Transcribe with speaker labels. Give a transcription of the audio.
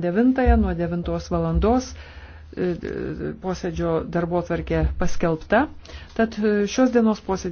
Speaker 1: 9 nuo 9 valandos e, e, posėdžio darbo tvarkė paskelbta, tad e, šios dienos posėdį